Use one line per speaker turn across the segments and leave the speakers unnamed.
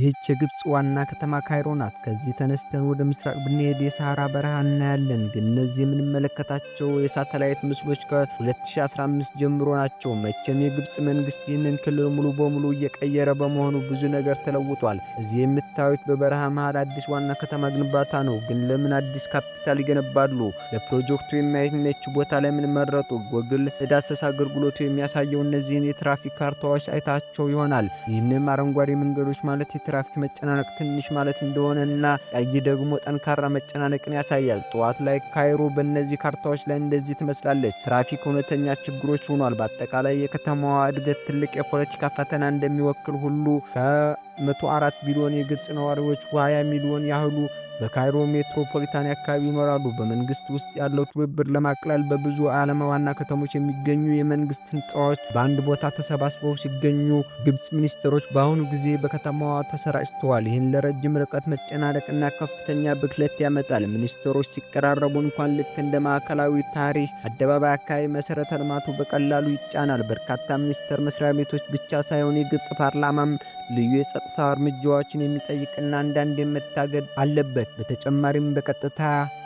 ይህች የግብፅ ዋና ከተማ ካይሮ ናት። ከዚህ ተነስተን ወደ ምስራቅ ብንሄድ የሳራ በረሃ እናያለን። ግን እነዚህ የምንመለከታቸው የሳተላይት ምስሎች ከ2015 ጀምሮ ናቸው። መቼም የግብፅ መንግስት ይህንን ክልል ሙሉ በሙሉ እየቀየረ በመሆኑ ብዙ ነገር ተለውጧል። እዚህ የምታዩት በበረሃ መሃል አዲስ ዋና ከተማ ግንባታ ነው። ግን ለምን አዲስ ካፒታል ይገነባሉ? ለፕሮጀክቱ የሚያመች ቦታ ለምን መረጡ? ጎግል ለዳሰሳ አገልግሎቱ የሚያሳየው እነዚህን የትራፊክ ካርታዎች አይታቸው ይሆናል። ይህንም አረንጓዴ መንገዶች ማለት የትራፊክ መጨናነቅ ትንሽ ማለት እንደሆነና ቀይ ደግሞ ጠንካራ መጨናነቅን ያሳያል። ጠዋት ላይ ካይሮ በእነዚህ ካርታዎች ላይ እንደዚህ ትመስላለች። ትራፊክ እውነተኛ ችግሮች ሆኗል። በአጠቃላይ የከተማዋ እድገት ትልቅ የፖለቲካ ፈተና እንደሚወክል ሁሉ ከ104 ቢሊዮን የግብፅ ነዋሪዎች 20 ሚሊዮን ያህሉ በካይሮ ሜትሮፖሊታን አካባቢ ይኖራሉ። በመንግስት ውስጥ ያለው ትብብር ለማቅለል በብዙ ዓለም ዋና ከተሞች የሚገኙ የመንግስት ህንፃዎች በአንድ ቦታ ተሰባስበው ሲገኙ ግብፅ ሚኒስትሮች በአሁኑ ጊዜ በከተማዋ ተሰራጭተዋል። ይህን ለረጅም ርቀት መጨናነቅና ከፍተኛ ብክለት ያመጣል። ሚኒስትሮች ሲቀራረቡ እንኳን ልክ እንደ ማዕከላዊ ታሪክ አደባባይ አካባቢ መሰረተ ልማቱ በቀላሉ ይጫናል። በርካታ ሚኒስቴር መስሪያ ቤቶች ብቻ ሳይሆን የግብፅ ፓርላማም ልዩ የጸጥታ እርምጃዎችን የሚጠይቅና አንዳንድ የመታገድ አለበት። በተጨማሪም በቀጥታ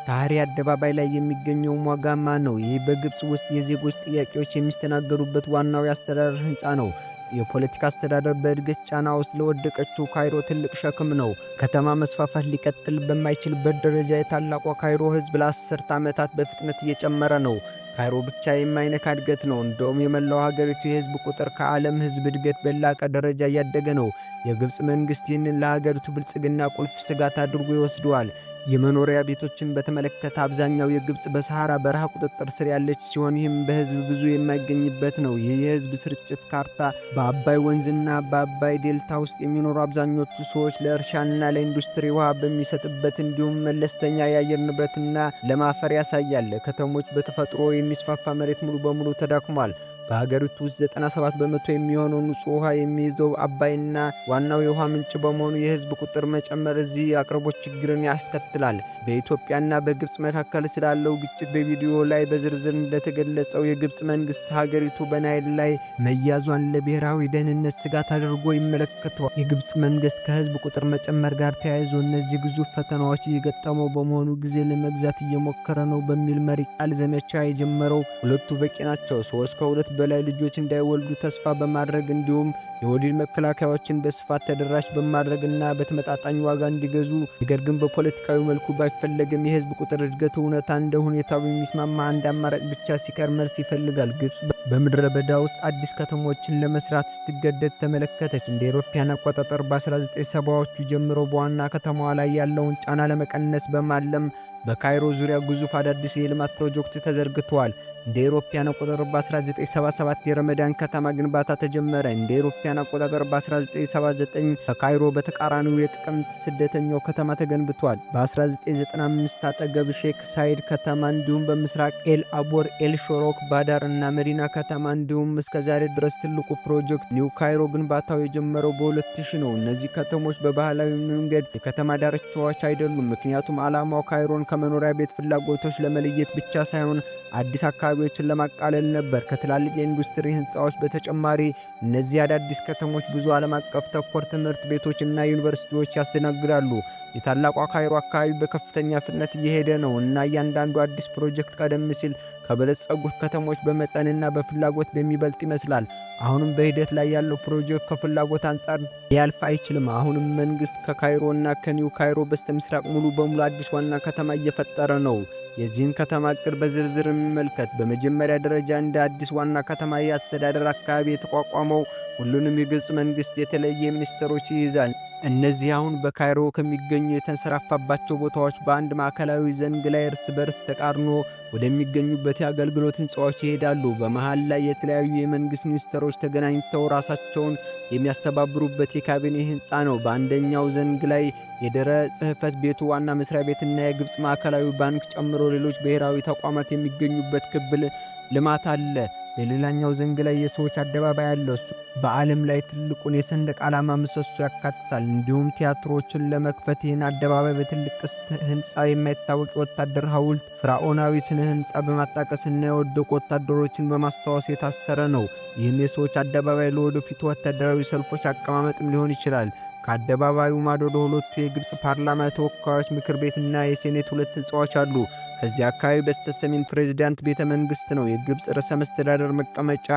ታህሪ አደባባይ ላይ የሚገኘው ሟጋማ ነው። ይህ በግብፅ ውስጥ የዜጎች ጥያቄዎች የሚስተናገዱበት ዋናው የአስተዳደር ህንፃ ነው። የፖለቲካ አስተዳደር በእድገት ጫና ውስጥ ለወደቀችው ካይሮ ትልቅ ሸክም ነው። ከተማ መስፋፋት ሊቀጥል በማይችልበት ደረጃ የታላቋ ካይሮ ሕዝብ ለአስርተ ዓመታት በፍጥነት እየጨመረ ነው። ካይሮ ብቻ የማይነካ እድገት ነው። እንደውም የመላው ሀገሪቱ የሕዝብ ቁጥር ከዓለም ሕዝብ እድገት በላቀ ደረጃ እያደገ ነው። የግብፅ መንግሥት ይህንን ለሀገሪቱ ብልጽግና ቁልፍ ስጋት አድርጎ ይወስደዋል። የመኖሪያ ቤቶችን በተመለከተ አብዛኛው የግብፅ በሰሐራ በረሃ ቁጥጥር ስር ያለች ሲሆን ይህም በህዝብ ብዙ የማይገኝበት ነው። ይህ የህዝብ ስርጭት ካርታ በአባይ ወንዝና በአባይ ዴልታ ውስጥ የሚኖሩ አብዛኞቹ ሰዎች ለእርሻና ለኢንዱስትሪ ውሃ በሚሰጥበት እንዲሁም መለስተኛ የአየር ንብረትና ለማፈር ያሳያል። ከተሞች በተፈጥሮ የሚስፋፋ መሬት ሙሉ በሙሉ ተዳክሟል። በሀገሪቱ ውስጥ 97 በመቶ የሚሆነው ንጹህ ውሃ የሚይዘው አባይና ዋናው የውሃ ምንጭ በመሆኑ የህዝብ ቁጥር መጨመር እዚህ አቅርቦት ችግርን ያስከትላል። በኢትዮጵያና በግብፅ መካከል ስላለው ግጭት በቪዲዮ ላይ በዝርዝር እንደተገለጸው የግብፅ መንግስት ሀገሪቱ በናይል ላይ መያዟን ለብሔራዊ ደህንነት ስጋት አድርጎ ይመለከተዋል። የግብፅ መንግስት ከህዝብ ቁጥር መጨመር ጋር ተያይዞ እነዚህ ግዙፍ ፈተናዎች እየገጠመው በመሆኑ ጊዜ ለመግዛት እየሞከረ ነው በሚል መሪ ቃል ዘመቻ የጀመረው ሁለቱ በቂ ናቸው ሰዎች ከሁለት በላይ ልጆች እንዳይወልዱ ተስፋ በማድረግ እንዲሁም የወሊድ መከላከያዎችን በስፋት ተደራሽ በማድረግና በተመጣጣኝ ዋጋ እንዲገዙ ነገር ግን በፖለቲካዊ መልኩ ባይፈለግም የህዝብ ቁጥር እድገቱ እውነታ እንደ ሁኔታው የሚስማማ አንድ አማራጭ ብቻ ሲቀር መልስ ይፈልጋል። ግብፅ በምድረ በዳ ውስጥ አዲስ ከተሞችን ለመስራት ስትገደድ ተመለከተች። እንደ አውሮፓውያን አቆጣጠር በ1970ዎቹ ጀምሮ በዋና ከተማዋ ላይ ያለውን ጫና ለመቀነስ በማለም በካይሮ ዙሪያ ግዙፍ አዳዲስ የልማት ፕሮጀክት ተዘርግተዋል። እንደ አውሮፓውያን አቆጣጠር በ1977 የረመዳን ከተማ ግንባታ ተጀመረ። እንደ አውሮፓውያን አቆጣጠር በ1979 ከካይሮ በተቃራኒው የጥቅምት ስደተኛው ከተማ ተገንብቷል። በ1995 አጠገብ ሼክ ሳይድ ከተማ እንዲሁም በምስራቅ ኤል አቦር፣ ኤል ሾሮክ፣ ባዳር እና መዲና ከተማ እንዲሁም እስከ ዛሬ ድረስ ትልቁ ፕሮጀክት ኒው ካይሮ ግንባታው የጀመረው በ2000 ነው። እነዚህ ከተሞች በባህላዊ መንገድ የከተማ ዳርቻዎች አይደሉም፣ ምክንያቱም ዓላማው ካይሮን ከመኖሪያ ቤት ፍላጎቶች ለመለየት ብቻ ሳይሆን አዲስ አካባቢ አካባቢዎችን ለማቃለል ነበር። ከትላልቅ የኢንዱስትሪ ህንፃዎች በተጨማሪ እነዚህ አዳዲስ ከተሞች ብዙ ዓለም አቀፍ ተኮር ትምህርት ቤቶችና ዩኒቨርሲቲዎች ያስተናግዳሉ። የታላቋ ካይሮ አካባቢ በከፍተኛ ፍጥነት እየሄደ ነው እና እያንዳንዱ አዲስ ፕሮጀክት ቀደም ሲል ከበለጸጉት ከተሞች በመጠንና በፍላጎት በሚበልጥ ይመስላል። አሁንም በሂደት ላይ ያለው ፕሮጀክት ከፍላጎት አንጻር ሊያልፍ አይችልም። አሁንም መንግሥት እና ከኒው ካይሮ በስተ ምስራቅ ሙሉ በሙሉ አዲስ ዋና ከተማ እየፈጠረ ነው። የዚህን ከተማ ዕቅድ በዝርዝር የሚመልከት በመጀመሪያ ደረጃ እንደ አዲስ ዋና ከተማ የአስተዳደር አካባቢ የተቋቋመው ሁሉንም የግብፅ መንግሥት የተለየ ሚኒስትሮች ይይዛል። እነዚህ አሁን በካይሮ ከሚገኙ የተንሰራፋባቸው ቦታዎች በአንድ ማዕከላዊ ዘንግ ላይ እርስ በርስ ተቃርኖ ወደሚገኙበት የአገልግሎት ሕንፃዎች ይሄዳሉ። በመሃል ላይ የተለያዩ የመንግሥት ሚኒስትሮች ተገናኝተው ራሳቸውን የሚያስተባብሩበት የካቢኔ ሕንፃ ነው። በአንደኛው ዘንግ ላይ የደረ ጽሕፈት ቤቱ ዋና መሥሪያ ቤትና የግብፅ ማዕከላዊ ባንክ ጨምሮ ሌሎች ብሔራዊ ተቋማት የሚገኙበት ክብል ልማት አለ። በሌላኛው ዘንግ ላይ የሰዎች አደባባይ አለው። እሱ በዓለም ላይ ትልቁን የሰንደቅ ዓላማ ምሰሶ ያካትታል። እንዲሁም ቲያትሮችን ለመክፈት ይህን አደባባይ በትልቅ ቅስት ህንፃ የማይታወቅ የወታደር ሐውልት፣ ፍራኦናዊ ስነ ህንፃ በማጣቀስና የወደቁ ወታደሮችን በማስታወስ የታሰረ ነው። ይህም የሰዎች አደባባይ ለወደፊቱ ወታደራዊ ሰልፎች አቀማመጥም ሊሆን ይችላል። ከአደባባዩ ማዶ ለሁለቱ የግብፅ ፓርላማ የተወካዮች ምክር ቤትና የሴኔት ሁለት ሕንፃዎች አሉ። ከዚህ አካባቢ በስተሰሜን ፕሬዚዳንት ቤተ መንግሥት ነው የግብፅ ርዕሰ መስተዳደር መቀመጫ።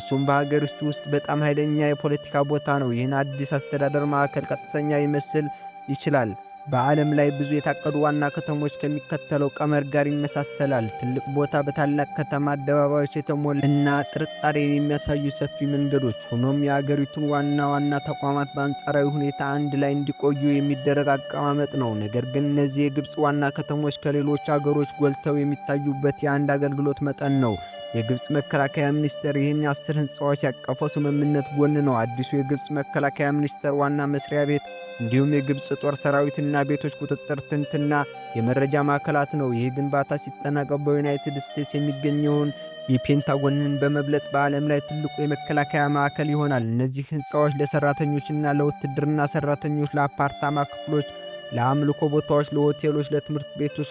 እሱም በሀገሪቱ ውስጥ በጣም ኃይለኛ የፖለቲካ ቦታ ነው። ይህን አዲስ አስተዳደር ማዕከል ቀጥተኛ ይመስል ይችላል። በዓለም ላይ ብዙ የታቀዱ ዋና ከተሞች ከሚከተለው ቀመር ጋር ይመሳሰላል። ትልቅ ቦታ በታላቅ ከተማ አደባባዮች የተሞላ እና ጥርጣሬን የሚያሳዩ ሰፊ መንገዶች። ሆኖም የአገሪቱን ዋና ዋና ተቋማት በአንጻራዊ ሁኔታ አንድ ላይ እንዲቆዩ የሚደረግ አቀማመጥ ነው። ነገር ግን እነዚህ የግብፅ ዋና ከተሞች ከሌሎች አገሮች ጎልተው የሚታዩበት የአንድ አገልግሎት መጠን ነው። የግብፅ መከላከያ ሚኒስቴር ይህን አስር ሕንፃዎች ያቀፈው ስምምነት ጎን ነው አዲሱ የግብፅ መከላከያ ሚኒስቴር ዋና መስሪያ ቤት እንዲሁም የግብፅ ጦር ሰራዊትና ቤቶች ቁጥጥር ትንትና የመረጃ ማዕከላት ነው። ይህ ግንባታ ሲጠናቀቅ በዩናይትድ ስቴትስ የሚገኘውን የፔንታጎንን በመብለጥ በዓለም ላይ ትልቁ የመከላከያ ማዕከል ይሆናል። እነዚህ ሕንፃዎች ለሰራተኞችና ለውትድርና ሰራተኞች፣ ለአፓርታማ ክፍሎች ለአምልኮ ቦታዎች፣ ለሆቴሎች፣ ለትምህርት ቤቶች፣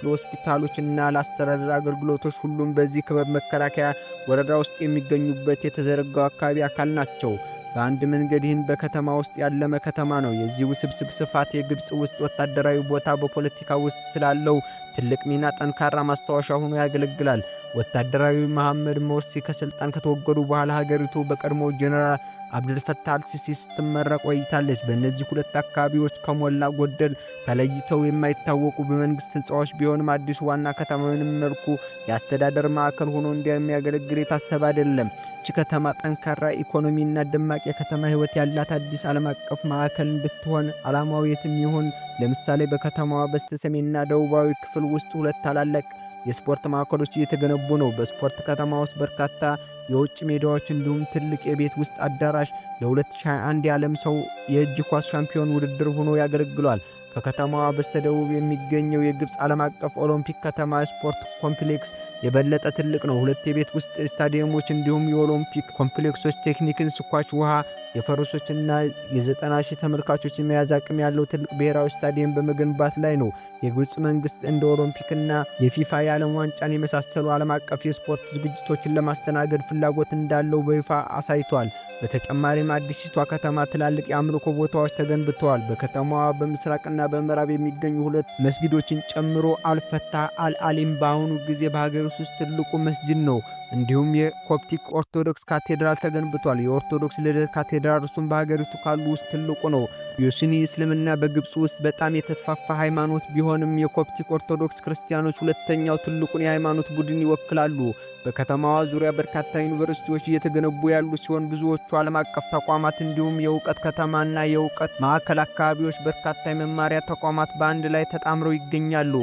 እና ለአስተዳደር አገልግሎቶች ሁሉም በዚህ ክበብ መከላከያ ወረዳ ውስጥ የሚገኙበት የተዘረጋው አካባቢ አካል ናቸው። በአንድ መንገድ ይህም በከተማ ውስጥ ያለመ ከተማ ነው። የዚህ ውስብስብ ስፋት የግብፅ ውስጥ ወታደራዊ ቦታ በፖለቲካ ውስጥ ስላለው ትልቅ ሚና ጠንካራ ማስታወሻ ሆኖ ያገለግላል። ወታደራዊ መሐመድ ሞርሲ ከስልጣን ከተወገዱ በኋላ ሀገሪቱ በቀድሞ ጀነራል አብዱልፈታ አልሲሲ ስትመረቅ ቆይታለች። በእነዚህ ሁለት አካባቢዎች ከሞላ ጎደል ተለይተው የማይታወቁ በመንግስት ህንፃዎች ቢሆንም አዲሱ ዋና ከተማ ምንም መልኩ የአስተዳደር ማዕከል ሆኖ እንደሚያገለግል የታሰበ አይደለም። ይህች ከተማ ጠንካራ ኢኮኖሚና ደማቅ የከተማ ህይወት ያላት አዲስ ዓለም አቀፍ ማዕከል እንድትሆን ዓላማው የትም ይሁን፣ ለምሳሌ በከተማዋ በስተሰሜንና ደቡባዊ ክፍል ውስጥ ሁለት ታላላቅ የስፖርት ማዕከሎች እየተገነቡ ነው። በስፖርት ከተማ ውስጥ በርካታ የውጭ ሜዳዎች እንዲሁም ትልቅ የቤት ውስጥ አዳራሽ ለ2021 የዓለም ሰው የእጅ ኳስ ሻምፒዮን ውድድር ሆኖ ያገለግሏል። ከከተማዋ በስተደቡብ የሚገኘው የግብፅ ዓለም አቀፍ ኦሎምፒክ ከተማ ስፖርት ኮምፕሌክስ የበለጠ ትልቅ ነው። ሁለት የቤት ውስጥ ስታዲየሞች እንዲሁም የኦሎምፒክ ኮምፕሌክሶች ቴክኒክን፣ ስኳች፣ ውሃ፣ የፈረሶችና የዘጠና ሺህ ተመልካቾች የመያዝ አቅም ያለው ትልቅ ብሔራዊ ስታዲየም በመገንባት ላይ ነው። የግብፅ መንግሥት እንደ ኦሎምፒክና የፊፋ የዓለም ዋንጫን የመሳሰሉ ዓለም አቀፍ የስፖርት ዝግጅቶችን ለማስተናገድ ፍላጎት እንዳለው በይፋ አሳይቷል። በተጨማሪም አዲሲቷ ከተማ ትላልቅ የአምልኮ ቦታዎች ተገንብተዋል። በከተማዋ በምስራቅና በምዕራብ የሚገኙ ሁለት መስጊዶችን ጨምሮ አልፈታ አልአሊም በአሁኑ ጊዜ በሀገሪቱ ውስጥ ትልቁ መስጂድ ነው። እንዲሁም የኮፕቲክ ኦርቶዶክስ ካቴድራል ተገንብቷል። የኦርቶዶክስ ልደት ካቴድራል እርሱም በሀገሪቱ ካሉ ውስጥ ትልቁ ነው። የሱኒ እስልምና በግብፅ ውስጥ በጣም የተስፋፋ ሃይማኖት ቢሆንም የኮፕቲክ ኦርቶዶክስ ክርስቲያኖች ሁለተኛው ትልቁን የሃይማኖት ቡድን ይወክላሉ። በከተማዋ ዙሪያ በርካታ ዩኒቨርሲቲዎች እየተገነቡ ያሉ ሲሆን ብዙዎቹ ዓለም አቀፍ ተቋማት እንዲሁም የእውቀት ከተማና የእውቀት ማዕከል አካባቢዎች በርካታ የመማሪያ ተቋማት በአንድ ላይ ተጣምረው ይገኛሉ።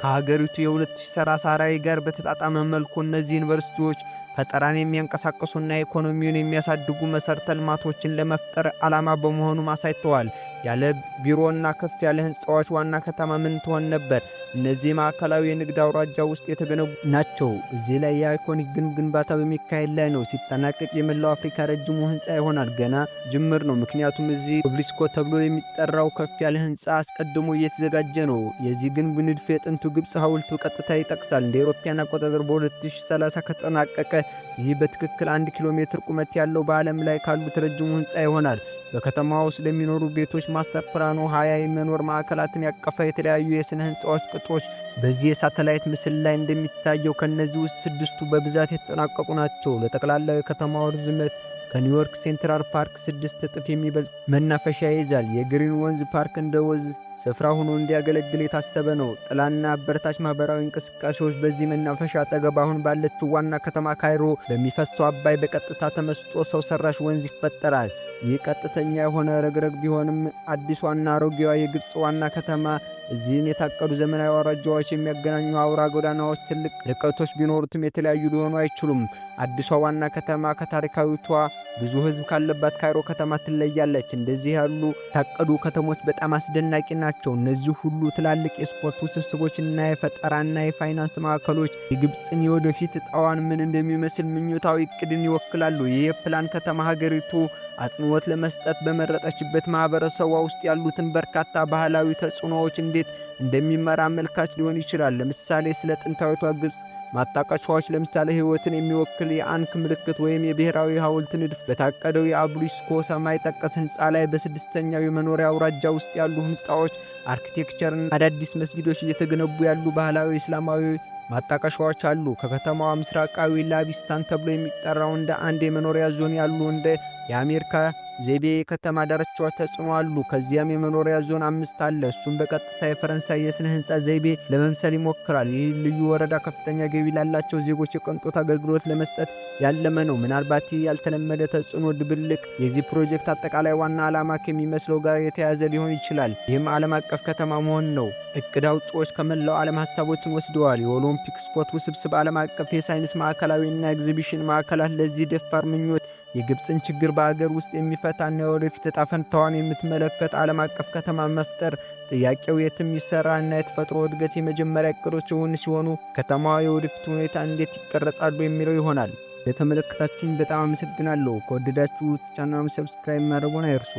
ከሀገሪቱ የ ሰላሳ ራዕይ ጋር በተጣጣመ መልኩ እነዚህ ዩኒቨርሲቲዎች ፈጠራን የሚያንቀሳቅሱና ኢኮኖሚውን የሚያሳድጉ መሠረተ ልማቶችን ለመፍጠር ዓላማ በመሆኑ አሳይተዋል። ያለ ቢሮና ከፍ ያለ ሕንፃዎች ዋና ከተማ ምን ትሆን ነበር? እነዚህ ማዕከላዊ የንግድ አውራጃ ውስጥ የተገነቡ ናቸው። እዚህ ላይ የአይኮኒክ ግንብ ግንባታ በሚካሄድ ላይ ነው። ሲጠናቀቅ የመላው አፍሪካ ረጅሙ ህንፃ ይሆናል። ገና ጅምር ነው። ምክንያቱም እዚህ ኦብሊስኮ ተብሎ የሚጠራው ከፍ ያለ ህንፃ አስቀድሞ እየተዘጋጀ ነው። የዚህ ግንብ ንድፍ የጥንቱ ግብፅ ሐውልቱ ቀጥታ ይጠቅሳል። እንደ ኤሮፓያን አቆጣጠር በ2030 ከተጠናቀቀ ይህ በትክክል አንድ ኪሎ ሜትር ቁመት ያለው በዓለም ላይ ካሉት ረጅሙ ህንፃ ይሆናል። በከተማ ውስጥ ለሚኖሩ ቤቶች ማስተር ፕላኑ ሀያ የመኖር ማዕከላትን ያቀፈ የተለያዩ የስነ ህንፃዎች ቅጦች በዚህ የሳተላይት ምስል ላይ እንደሚታየው ከእነዚህ ውስጥ ስድስቱ በብዛት የተጠናቀቁ ናቸው። ለጠቅላላው የከተማው ርዝመት ከኒውዮርክ ሴንትራል ፓርክ ስድስት እጥፍ የሚበልጥ መናፈሻ ይይዛል። የግሪን ወንዝ ፓርክ እንደ ወንዝ ስፍራ ሆኖ እንዲያገለግል የታሰበ ነው። ጥላና አበረታች ማህበራዊ እንቅስቃሴዎች በዚህ መናፈሻ አጠገብ አሁን ባለችው ዋና ከተማ ካይሮ በሚፈሰው አባይ በቀጥታ ተመስጦ ሰው ሰራሽ ወንዝ ይፈጠራል። ይህ ቀጥተኛ የሆነ ረግረግ ቢሆንም አዲሷና አሮጌዋ የግብፅ ዋና ከተማ እዚህን የታቀዱ ዘመናዊ አውራጃዎች የሚያገናኙ አውራ ጎዳናዎች ትልቅ ርቀቶች ቢኖሩትም የተለያዩ ሊሆኑ አይችሉም። አዲሷ ዋና ከተማ ከታሪካዊቷ ብዙ ሕዝብ ካለባት ካይሮ ከተማ ትለያለች። እንደዚህ ያሉ ታቀዱ ከተሞች በጣም አስደናቂ ናቸው። እነዚህ ሁሉ ትላልቅ የስፖርት ውስብስቦችና የፈጠራና የፋይናንስ ማዕከሎች የግብፅን የወደፊት እጣዋን ምን እንደሚመስል ምኞታዊ እቅድን ይወክላሉ። የፕላን ከተማ ሀገሪቱ አጽንዖት ለመስጠት በመረጠችበት ማህበረሰቧ ውስጥ ያሉትን በርካታ ባህላዊ ተጽዕኖዎች እንዴት እንደሚመራ አመልካች ሊሆን ይችላል። ለምሳሌ ስለ ጥንታዊቷ ግብፅ ማጣቀሻዎች ለምሳሌ ሕይወትን የሚወክል የአንክ ምልክት ወይም የብሔራዊ ሐውልት ንድፍ በታቀደው የአብሊስኮ ሰማይ ጠቀስ ሕንፃ ላይ በስድስተኛው የመኖሪያ አውራጃ ውስጥ ያሉ ሕንፃዎች አርኪቴክቸርን፣ አዳዲስ መስጊዶች እየተገነቡ ያሉ ባህላዊ እስላማዊ ማጣቀሻዎች አሉ። ከከተማዋ ምስራቃዊ ላቢስታን ተብሎ የሚጠራው እንደ አንድ የመኖሪያ ዞን ያሉ እንደ የአሜሪካ ዘይቤ የከተማ ዳርቻዎች ተጽዕኖ አሉ። ከዚያም የመኖሪያ ዞን አምስት አለ። እሱም በቀጥታ የፈረንሳይ የስነ ህንፃ ዘይቤ ለመምሰል ይሞክራል። ይህ ልዩ ወረዳ ከፍተኛ ገቢ ላላቸው ዜጎች የቅንጦት አገልግሎት ለመስጠት ያለመ ነው። ምናልባት ይህ ያልተለመደ ተጽዕኖ ድብልቅ የዚህ ፕሮጀክት አጠቃላይ ዋና ዓላማ ከሚመስለው ጋር የተያያዘ ሊሆን ይችላል። ይህም ዓለም አቀፍ ከተማ መሆን ነው። እቅድ አውጪዎች ከመላው ዓለም ሀሳቦችን ወስደዋል። የኦሎምፒክ ስፖርት ውስብስብ ዓለም አቀፍ የሳይንስ ማዕከላዊና ኤግዚቢሽን ማዕከላት ለዚህ ደፋር ምኞት የግብፅን ችግር በአገር ውስጥ የሚፈታና የወደፊት ዕጣ ፈንታዋን የምትመለከት ዓለም አቀፍ ከተማ መፍጠር ጥያቄው የትም ይሰራልና የተፈጥሮ እድገት የመጀመሪያ እቅዶች የሆኑ ሲሆኑ ከተማዋ የወደፊት ሁኔታ እንዴት ይቀረጻሉ የሚለው ይሆናል። ለተመለከታችሁኝ በጣም አመሰግናለሁ። ከወደዳችሁ ቻናሉን ሰብስክራይብ ማድረጉን አይርሱ።